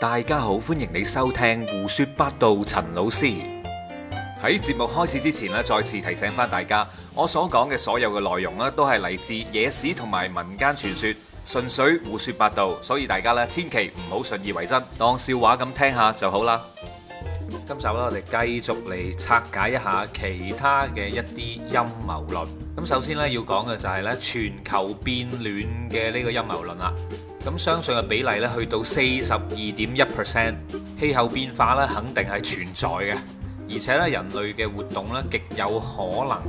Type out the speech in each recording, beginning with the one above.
大家好，歡迎你收聽胡說八道。陳老師喺節目開始之前咧，再次提醒翻大家，我所講嘅所有嘅內容咧，都係嚟自野史同埋民間傳說，純粹胡說八道，所以大家咧千祈唔好信以為真，當笑話咁聽下就好啦。今集咧，我哋繼續嚟拆解一下其他嘅一啲陰謀論。咁首先咧，要講嘅就係咧全球變暖嘅呢個陰謀論啦。咁相信嘅比例咧，去到四十二點一 percent。氣候變化咧，肯定係存在嘅，而且咧，人類嘅活動咧，極有可能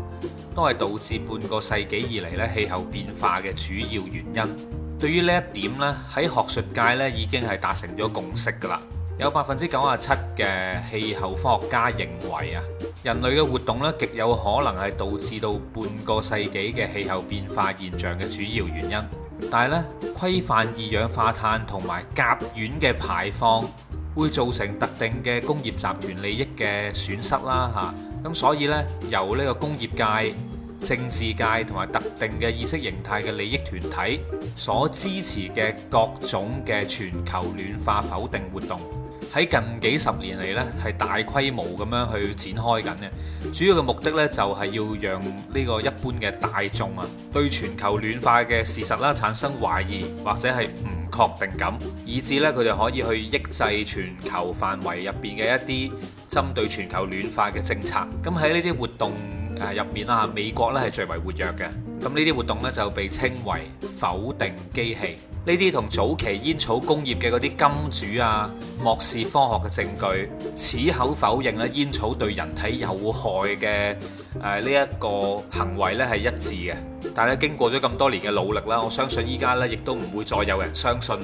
都係導致半個世紀以嚟咧氣候變化嘅主要原因。對於呢一點咧，喺學術界咧已經係達成咗共識㗎啦。有百分之九十七嘅氣候科學家認為啊，人類嘅活動咧極有可能係導致到半個世紀嘅氣候變化現象嘅主要原因。但係咧，規範二氧化碳同埋甲烷嘅排放，會造成特定嘅工業集團利益嘅損失啦，嚇、啊。咁所以呢，由呢個工業界、政治界同埋特定嘅意識形態嘅利益團體所支持嘅各種嘅全球暖化否定活動。喺近幾十年嚟呢係大規模咁樣去展開緊嘅，主要嘅目的呢，就係要讓呢個一般嘅大眾啊，對全球暖化嘅事實啦產生懷疑或者係唔確定感，以致呢，佢哋可以去抑制全球範圍入邊嘅一啲針對全球暖化嘅政策。咁喺呢啲活動誒入邊啦，美國呢係最為活躍嘅。咁呢啲活動呢，就被稱為否定機器。呢啲同早期煙草工業嘅嗰啲金主啊，漠視科學嘅證據，矢口否認咧煙草對人體有害嘅，誒呢一個行為咧係一致嘅。但係咧，經過咗咁多年嘅努力啦，我相信依家咧亦都唔會再有人相信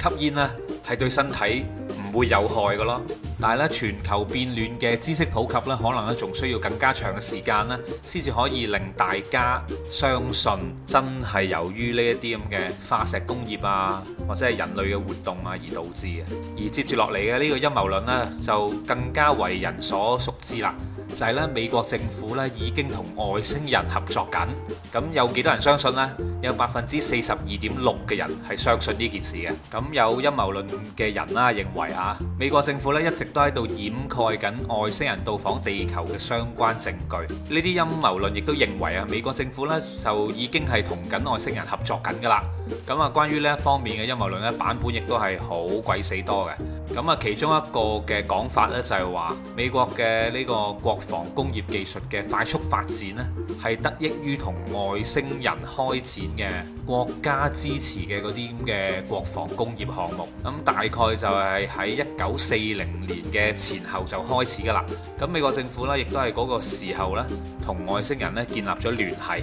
吸煙咧係對身體唔會有害噶咯。但係咧，全球變暖嘅知識普及咧，可能咧仲需要更加長嘅時間咧，先至可以令大家相信真係由於呢一啲咁嘅化石工業啊，或者係人類嘅活動啊而導致嘅。而接住落嚟嘅呢個陰謀論呢，就更加為人所熟知啦。就係咧，美國政府咧已經同外星人合作緊，咁有幾多人相信呢？有百分之四十二點六嘅人係相信呢件事嘅，咁有陰謀論嘅人啦、啊，認為啊，美國政府咧一直都喺度掩蓋緊外星人到訪地球嘅相關證據。呢啲陰謀論亦都認為啊，美國政府咧就已經係同緊外星人合作緊噶啦。咁啊，關於呢一方面嘅陰謀論咧，版本亦都係好鬼死多嘅。咁啊，其中一個嘅講法咧就係、是、話，美國嘅呢個國防工業技術嘅快速發展呢係得益於同外星人開展嘅國家支持嘅嗰啲嘅國防工業項目，咁大概就係喺一九四零年嘅前後就開始噶啦。咁美國政府呢，亦都係嗰個時候呢，同外星人呢建立咗聯繫。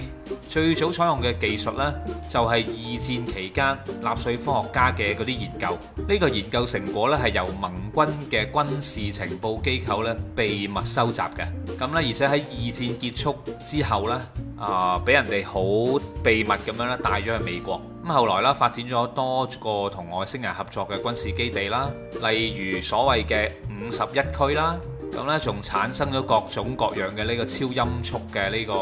最早採用嘅技術呢，就係二戰期間納粹科學家嘅嗰啲研究。呢個研究成果呢，係由盟軍嘅軍事情報機構呢秘密收集嘅。咁呢，而且喺二戰結束之後呢。啊！俾人哋好秘密咁樣咧，帶咗去美國。咁後來啦，發展咗多個同外星人合作嘅軍事基地啦，例如所謂嘅五十一區啦。咁咧，仲產生咗各種各樣嘅呢個超音速嘅呢個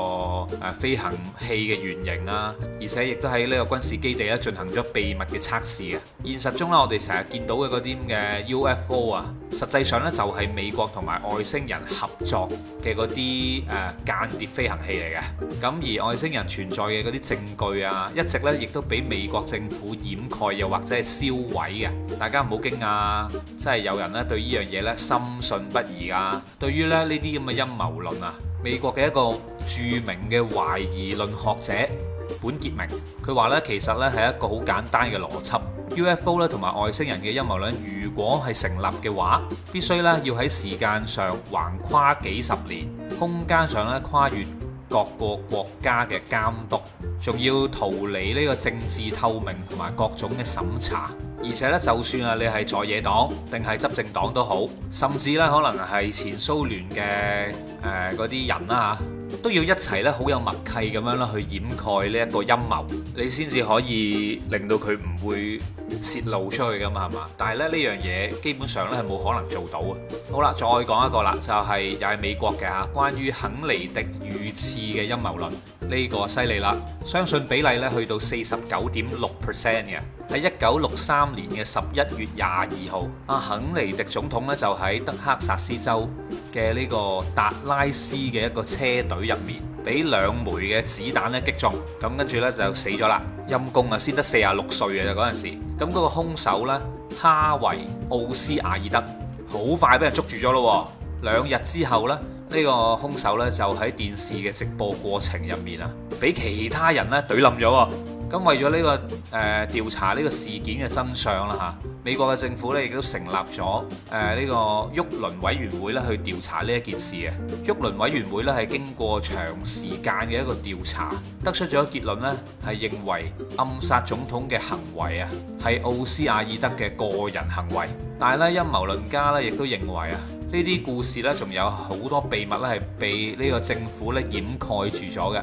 誒飛行器嘅原型啊，而且亦都喺呢個軍事基地咧進行咗秘密嘅測試啊，現實中咧，我哋成日見到嘅啲咁嘅 UFO 啊，實際上咧就係美國同埋外星人合作嘅啲誒間諜飛行器嚟嘅。咁而外星人存在嘅啲證據啊，一直咧亦都俾美國政府掩蓋又或者係銷毀嘅。大家唔好驚訝，真係有人咧對呢樣嘢咧深信不疑啊！對於咧呢啲咁嘅陰謀論啊，美國嘅一個著名嘅懷疑論學者本傑明，佢話呢其實呢係一個好簡單嘅邏輯，UFO 咧同埋外星人嘅陰謀論，如果係成立嘅話，必須呢要喺時間上橫跨幾十年，空間上咧跨越各個國家嘅監督，仲要逃離呢個政治透明同埋各種嘅審查。而且咧，就算啊，你係在野黨定係執政黨都好，甚至咧可能係前蘇聯嘅誒嗰啲人啦、啊、嚇，都要一齊咧好有默契咁樣啦，去掩蓋呢一個陰謀，你先至可以令到佢唔會泄露出去噶嘛，係嘛？但係咧呢樣嘢基本上咧係冇可能做到嘅。好啦，再講一個啦，就係又係美國嘅嚇，關於肯尼迪。次嘅陰謀論呢、呢個犀利啦，相信比例咧去到四十九點六 percent 嘅。喺一九六三年嘅十一月廿二號，阿肯尼迪總統咧就喺德克薩斯州嘅呢個達拉斯嘅一個車隊入面，俾兩枚嘅子彈咧擊中，咁跟住呢就死咗啦。陰公啊，先得四十六歲嘅。就嗰陣時。咁嗰個兇手呢，哈維奧斯瓦爾德，好快俾人捉住咗咯，兩日之後呢。呢個兇手呢，就喺電視嘅直播過程入面啊，俾其他人呢，懟冧咗喎。咁為咗呢個誒調查呢個事件嘅真相啦嚇，美國嘅政府呢，亦都成立咗誒呢個沃倫委員會呢去調查呢一件事嘅。沃倫委員會呢，係經過長時間嘅一個調查，得出咗結論呢，係認為暗殺總統嘅行為啊係奧斯瓦爾德嘅個人行為，但係呢，陰謀論家呢，亦都認為啊。呢啲故事呢，仲有好多秘密呢，係被呢個政府呢掩蓋住咗嘅。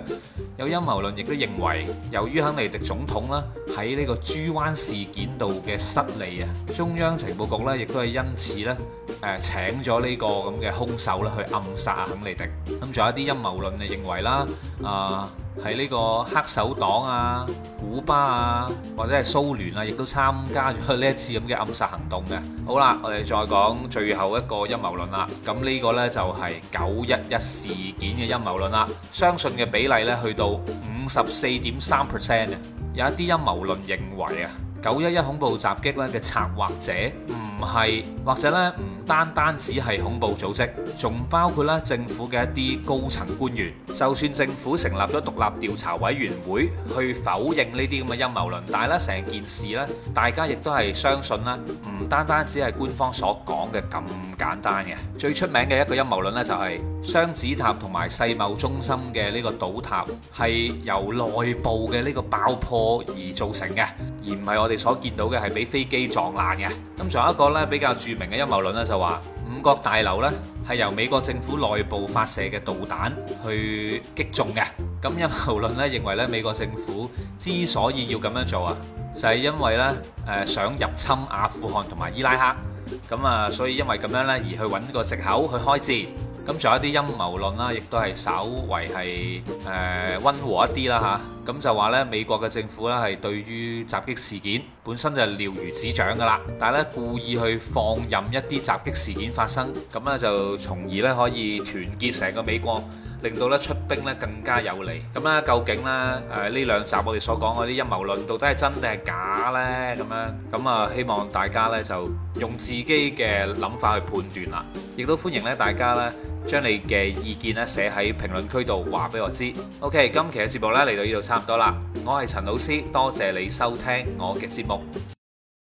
有陰謀論亦都認為，由於肯尼迪總統呢喺呢個豬灣事件度嘅失利啊，中央情報局呢亦都係因此呢。誒請咗呢個咁嘅兇手咧，去暗殺啊肯尼迪，咁仲有一啲陰謀論嘅認為啦，啊喺呢個黑手黨啊、古巴啊或者係蘇聯啊，亦都參加咗呢一次咁嘅暗殺行動嘅。好啦，我哋再講最後一個陰謀論啦，咁呢個咧就係九一一事件嘅陰謀論啦，相信嘅比例咧去到五十四點三 percent 嘅，有一啲陰謀論認為啊，九一一恐怖襲擊咧嘅策劃者。唔係，或者咧唔單單只係恐怖組織，仲包括咧政府嘅一啲高層官員。就算政府成立咗獨立調查委員會去否認呢啲咁嘅陰謀論，但係咧成件事咧，大家亦都係相信咧，唔單單只係官方所講嘅咁簡單嘅。最出名嘅一個陰謀論咧，就係。雙子塔同埋世貿中心嘅呢個倒塌係由內部嘅呢個爆破而造成嘅，而唔係我哋所見到嘅係俾飛機撞爛嘅。咁仲有一個呢比較著名嘅陰謀論呢，就是，就話五角大樓呢係由美國政府內部發射嘅導彈去擊中嘅。咁陰謀論呢，認為呢美國政府之所以要咁樣做啊，就係、是、因為呢誒想入侵阿富汗同埋伊拉克咁啊，所以因為咁樣呢而去揾個藉口去開戰。咁仲有一啲陰謀論啦，亦都係稍微係誒、呃、溫和一啲啦吓，咁、啊、就話呢，美國嘅政府呢，係對於襲擊事件本身就了如指掌噶啦，但係呢，故意去放任一啲襲擊事件發生，咁呢就從而呢，可以團結成個美國。令到咧出兵咧更加有利，咁咧究竟咧誒呢兩集我哋所講嗰啲陰謀論到底係真定係假呢？咁樣？咁啊，希望大家咧就用自己嘅諗法去判斷啦，亦都歡迎咧大家咧將你嘅意見咧寫喺評論區度話俾我知。OK，今期嘅節目咧嚟到呢度差唔多啦，我係陳老師，多謝你收聽我嘅節目。